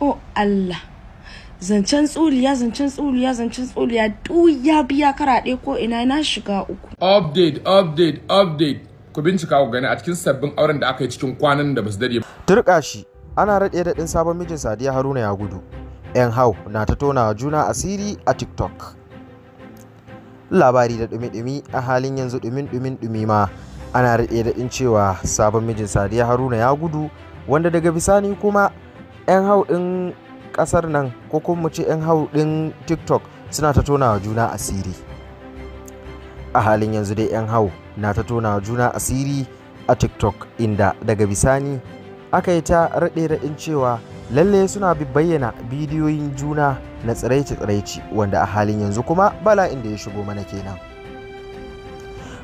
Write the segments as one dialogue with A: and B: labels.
A: oh Allah zancen tsuliya zancen tsuliya zancen tsuliya ya biya karaɗe ko ina na shiga uku
B: update update update ku bincika ku gani a cikin sabbin auren da aka yi cikin kwanan da basu dare. turka shi ana raɗe ɗin sabon
C: mijin Sadiya Haruna ya gudu yan hau na ta tona juna asiri a TikTok labari da dumi-dumi a halin yanzu dumin-dumin ma ana raɗe raɗin cewa sabon mijin Sadiya Haruna ya gudu wanda daga bisani kuma 'yan hau din kasar nan ko kuma mu ce 'yan hau din tiktok suna ta tonawa juna asiri a halin yanzu dai 'yan hau na ta tonawa juna asiri a tiktok inda daga bisani aka yi ta raɗe raɗin cewa lalle suna bayyana bidiyoyin juna na tsiraici tsiraici wanda a halin yanzu kuma bala inda ya shigo mana kenan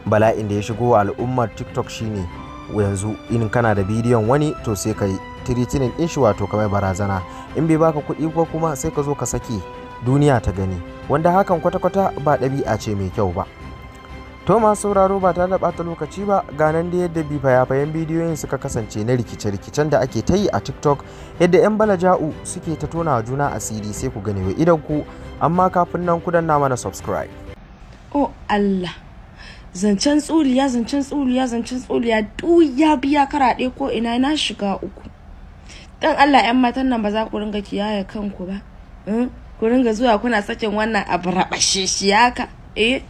C: bala inda ya shigo al'ummar tiktok shine yanzu in kana da bidiyon wani to sai ka tiritinin din shi wato kamar barazana in bai baka kuɗi ko kuma sai ka zo ka sake duniya ta gani wanda hakan kwata-kwata ba ɗabi'a ce mai kyau ba Thomas sauraro ba ta da bata lokaci ba ga nan da yadda bi fayafayen bidiyoyin suka kasance na rikice-rikicen da ake ta yi a TikTok yadda 'yan balaja'u suke ta tona juna asiri sai ku gane wa idan ku amma kafin nan ku danna mana subscribe.
A: Oh Allah zancen tsuliya zancen tsuliya zancen tsuliya duk ya biya karaɗe ko ina na shiga uku. dan Allah yan matan nan ba za ku ringa kiyaye kanku ba eh? ku ringa zuwa kuna sakin wannan abu rabashe shi haka eh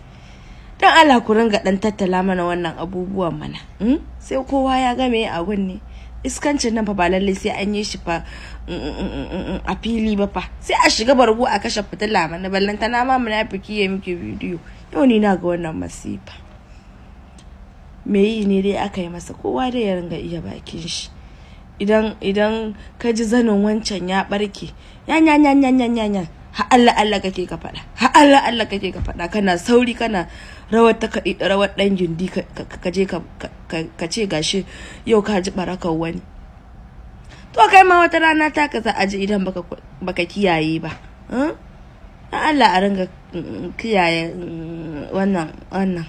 A: dan Allah ku ringa dan tattala mana wannan abubuwan mana eh? sai kowa ya ga me abun ne iskancin nan fa ba lallai sai an yi shi fa mm, mm, mm, a fili ba fa sai a shiga bargo a kashe fitila mana ballanta na ma fiki ya miki bidiyo yau ni na ga wannan masifa me yi ne dai aka yi masa kowa dai ya ringa iya bakin shi idan idan ka ji zanin wancan ya barke ya ya ya ya ya ha Allah Allah kake ka faɗa ha Allah Allah kake ka faɗa kana sauri kana rawar ta kaɗi rawar ɗan gindi ka je ka ce gashi yau ka ji barakar wani to kai ma wata rana ta ka za a ji idan baka kiyaye ba hmm? Allah a ringa mm, kiyaye mm, wannan wannan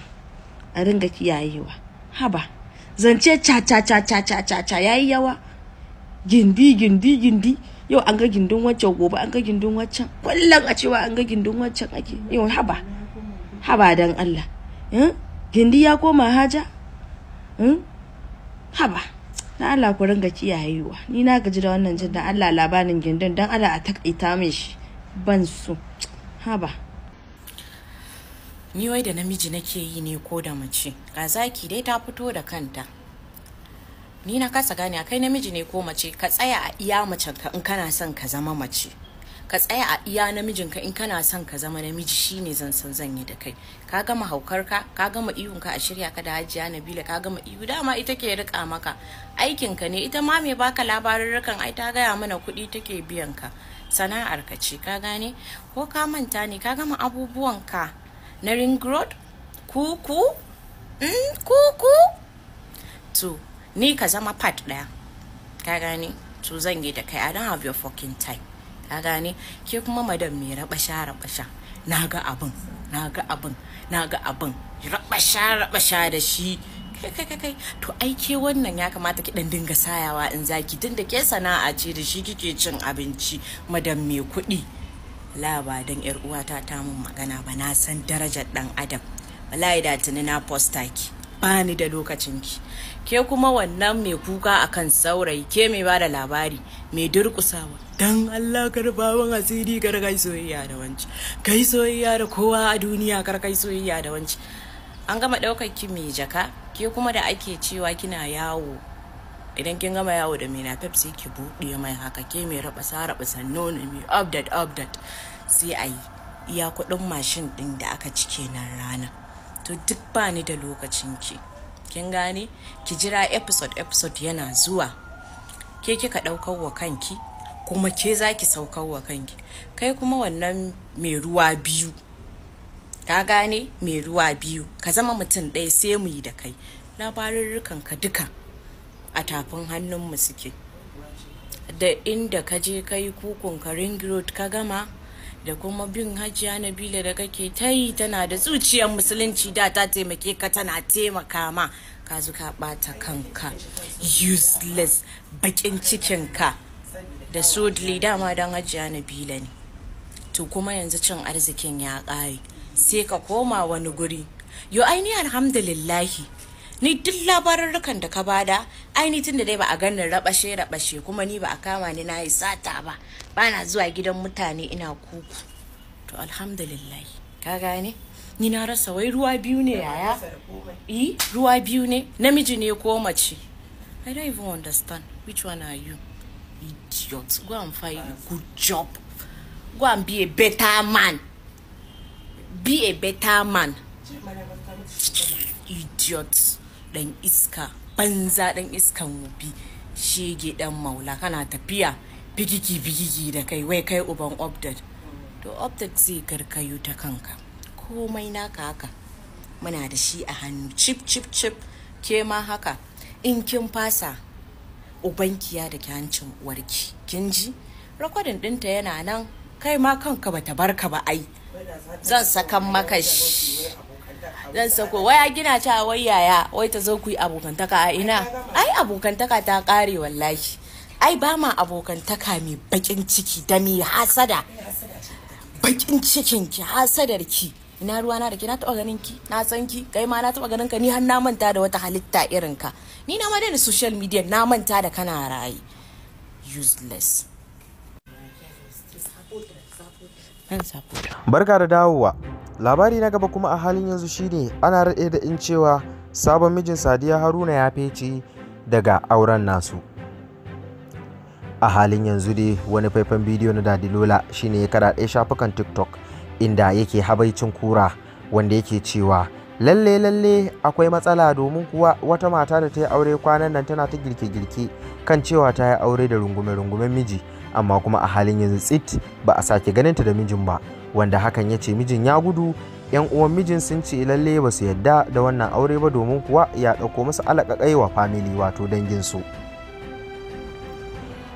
A: a ringa kiyayewa haba zance cha cha cha cha cha cha yayi yawa gindi gindi gindi yau an ga gindin waccan gobe an ga gindin waccan kullum a cewa an ga gindin waccan ake yau haba haba dan Allah eh? gindi ya koma haja eh? haba na Allah ku ringa kiyayewa ni na gaji da wannan jin da Allah labanin gindin dan Allah a takaita mai shi ban su haba
D: ni wai da namiji nake yi ne ko da mace ga zaki dai ta fito da kanta ni na kasa gane kai namiji ne ko mace ka tsaya a iya macen ka in kana son ka zama mace ka tsaya a iya namijin ka in kana son ka zama namiji shine zan san zan yi da kai ka gama haukar ka ka gama ihun ka a shirya ka da hajiya nabila ka gama ihu dama ita ke rika maka aikin ka ne ita ma mai baka labarin labarurrukan ai ta gaya mana kuɗi take biyan ka sana'ar ka ce ka gane ko ka manta ne ka gama abubuwan ka na ring road kuku kuku hmm, to ni ka zama part daya ka gane to zan yi da kai i don't have your fucking time ka gane ke kuma madam me rabasha rabasha na ga abin na ga abin na ga abin rabasha rabasha da shi kai kai kai to aike wannan ya kamata ki dan dinga sayawa in zaki tunda ke sana'a ce da shi kike cin abinci madam me kuɗi laba dan yar uwata ta mun magana ba na san darajar dan adam wallahi da tuni na posta ki bani da lokacinki ke kuma wannan mai kuka akan saurayi ke mai ba da labari mai durkusawa Don Allah karbawan asiri kar soyayya da wanci kai soyayya da kowa a duniya kar soyayya da wanci an gama daukar ki mai jaka ke kuma da ake cewa kina yawo idan kin gama yawo da mina pepsi ki buɗe mai haka ke mai rabasa rabasa sannan mai update update sai a yi iya kuɗin mashin ɗin da aka cike nan ranar to duk ba ni da lokacin ki kin gane ki jira episode episode yana zuwa ke kika daukar wa kanki kuma ke za saukar wa kanki kai kuma wannan mai ruwa biyu ka gane mai ruwa biyu ka zama mutum ɗaya sai mu yi da kai labarurrukan ka duka a tafin hannunmu suke da inda ka je kai kukun ka ring road ka gama da kuma bin hajiya nabila da kake ta yi tana da zuciyar musulunci da ta taimake ka tana taimaka ma ka zuka bata kanka useless bakin cikinka da sodli dama don hajiya nabila ne to kuma yanzu cin arzikin ya ƙare sai ka koma wani guri yo aini alhamdulillahi ni duk labarurrukan da ka bada ainihin da dai ba a ganin rabashe rabashe kuma ni ba a kama ni na yi sata ba bana zuwa gidan mutane ina kuku to alhamdulillah ka gane ni na rasa wai ruwa biyu ne yaya i e, ruwa biyu ne namiji ne ko mace i don't even understand which one are you idiot go and find a good job go and be a better man be a better man idiot dan iska banza dan iskan wubi shege dan maula kana tafiya bigigi bigigi da kai wai kai uban obdad to obdad zai karkayu ta kanka komai naka haka muna da shi a hannu chip chip chip ke ma haka in kin fasa ubanki ya da hancin uwarki kin ji rakwadin dinta yana nan kai ma kanka bata barka ba ai zan sakan maka shi dan sako waya gina ta wai yaya wai ta zo ku abokantaka a ina ai abokantaka ta kare wallahi ai ba ma abokantaka mai bakin ciki da mai hasada bakin cikin ki hasadar ki ina ruwa na da ki na taba ganin ki na san ki kai ma na taba ganin ka ni har na manta da wata halitta irin ka ni na ma daina social media na manta da kana rayi useless
C: barka da dawowa labari na gaba kuma a halin yanzu shine ana raɗe da in cewa sabon mijin sadiya haruna ya fece daga auren nasu a halin yanzu dai wani faifan bidiyo na dadilola shine ya karaɗe shafukan tiktok inda yake habaicin kura wanda yake cewa lalle lalle akwai matsala domin kuwa wata mata da ta yi aure kwanan nan tana ta girke-girke kan cewa ta yi aure da rungume-rungumen miji amma kuma a halin yanzu tsit ba a sake ta da mijin ba wanda hakan ya ce mijin ya gudu yan uwan mijin sun ce lalle ba su yadda da wannan aure ba domin kuwa ya ɗauko musu alaƙaƙai wa famili wato dangin su.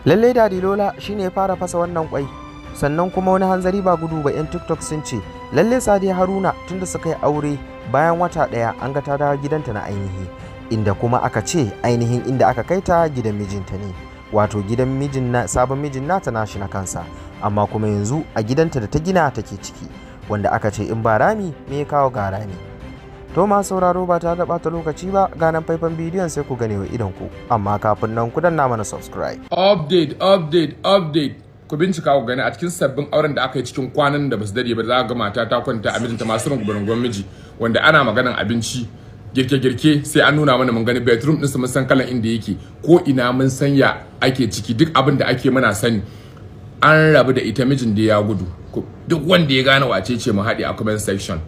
C: lalle dadi lola shine ya fara fasa wannan kwai sannan kuma wani hanzari ba gudu ba 'yan tiktok sun ce lalle sadiya haruna tunda suka yi aure bayan wata ɗaya an ga ta dawo gidanta na ainihi inda kuma aka ce ainihin inda aka kai ta gidan mijinta ne wato gidan mijin na sabon mijin nata nashi na kansa amma kuma yanzu a gidanta da ta gina take ciki wanda aka ce in ba rami
B: me ya kawo ga rami
C: to ma sauraro ba tare da bata lokaci ba ganan faifan bidiyon sai ku gane wa idan ku amma kafin nan ku danna mana subscribe
B: update update update ku bincika ku gani a cikin sabbin auren da aka yi cikin kwanan da basu dade ba za ga mata ta kwanta a mijinta masu rungume miji wanda ana maganan abinci girke-girke sai an nuna mana mun gani bedroom sa mun san kalan inda yake ko ina mun san ya ake ciki duk abin da ake mana sani an rabu da ita mijin da ya gudu duk wanda ya gane wace ce mu haɗe a comment section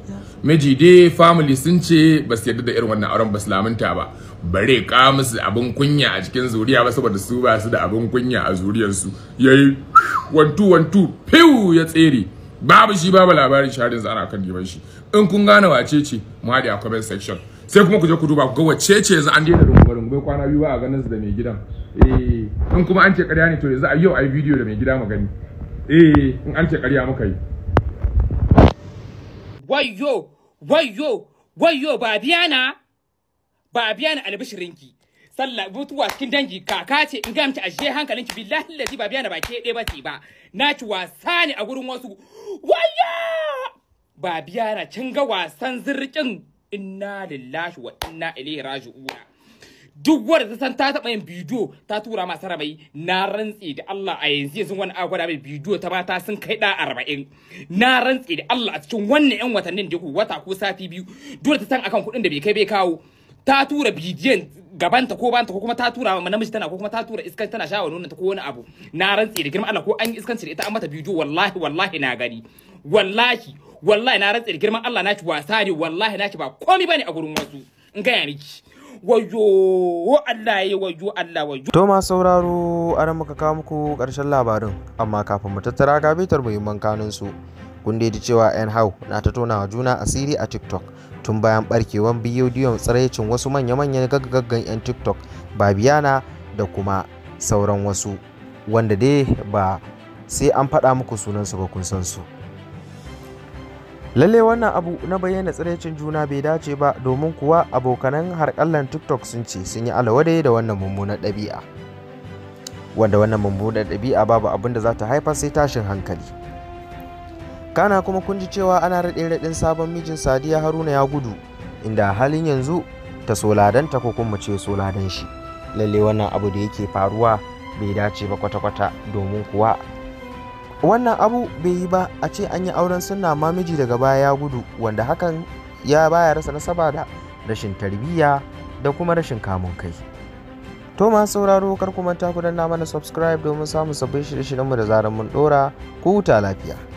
B: miji dai family sun ce ba su yarda da irin wannan auren ba su lamunta ba bare ka musu abin kunya a cikin zuriya ba saboda su ba su da abin kunya a zuriyarsu yayi wantu wantu fiu ya tsere babu shi babu labarin sharin zana kan giban shi in kun gane wace ce mu haɗe a comment section sai kuma ku je ku duba ku ga wacce ce yanzu an daina rungume rungume kwana biyu ba a ganin su da mai gidan eh in kuma an ce ƙarya ne to yanzu a yau a yi bidiyo da mai gida mu gani eh in an ce ƙarya muka yi wayyo wayyo wayyo ba biya ba biya albishirinki sallah mutuwa cikin dangi kaka ce in gamta ashe hankalinki billahi lazi ba biya ba ke ɗaya ba ce ba na ci wasa ne a gurin wasu wayyo ba biya ga wasan zirkin inna lillahi wa inna ilaihi raji'una duk wanda ta san ta taɓa yin bidiyo ta tura masa rabai na rantse da Allah a yanzu yanzu wani a gwada mai bidiyo ta mata sun kai da arba'in na rantse da Allah a cikin wannan yan watannin da wata ko sati biyu dole ta san akan kuɗin da bai kai bai kawo ta tura bidiyon gabanta ko banta ko kuma ta tura ma namiji tana ko kuma ta tura iskan tana shawa nonon ta ko wani abu na rantse da girman Allah ko an yi iskan da ita an mata bidiyo wallahi wallahi na gani wallahi wallahi na rantsa girman Allah naki wasa ne wallahi naki ba komai bane a gurin wasu in ya miki wayo Allah ya wayo Allah wayo
C: to ma sauraro an muka kawo muku karshen labarin amma kafin mu tattara ga bitar muhimman kanun su kun da cewa yan hau na ta tona wa juna asiri a tiktok tun bayan barkewan bidiyon tsiraicin wasu manya-manyan gaggagaggan yan tiktok babiana da kuma sauran wasu wanda dai ba sai an faɗa muku sunansu ba kun san su lalle wannan abu na bayyana tsiraicin juna bai dace ba domin kuwa abokanan harkallan tiktok sun ce sun yi alawadai da wannan mummunar ɗabi'a wanda wannan mummunar ɗabi'a babu abin da za ta haifar sai tashin hankali kana kuma kun ji cewa ana raɗe raɗin sabon mijin sadiya haruna ya gudu inda halin yanzu ta ta ko kuma ce soladan shi lalle wannan abu da yake faruwa bai dace ba kwata-kwata domin kuwa wannan abu bai yi ba a ce an yi auren sunna mamiji miji daga baya ya gudu wanda hakan ya baya rasa nasaba da rashin tarbiyya da kuma rashin kamun kai to masu sauraro kar kuma ta kudanna mana subscribe domin samun sabbin shirye-shiryenmu da zarar mun dora ku huta lafiya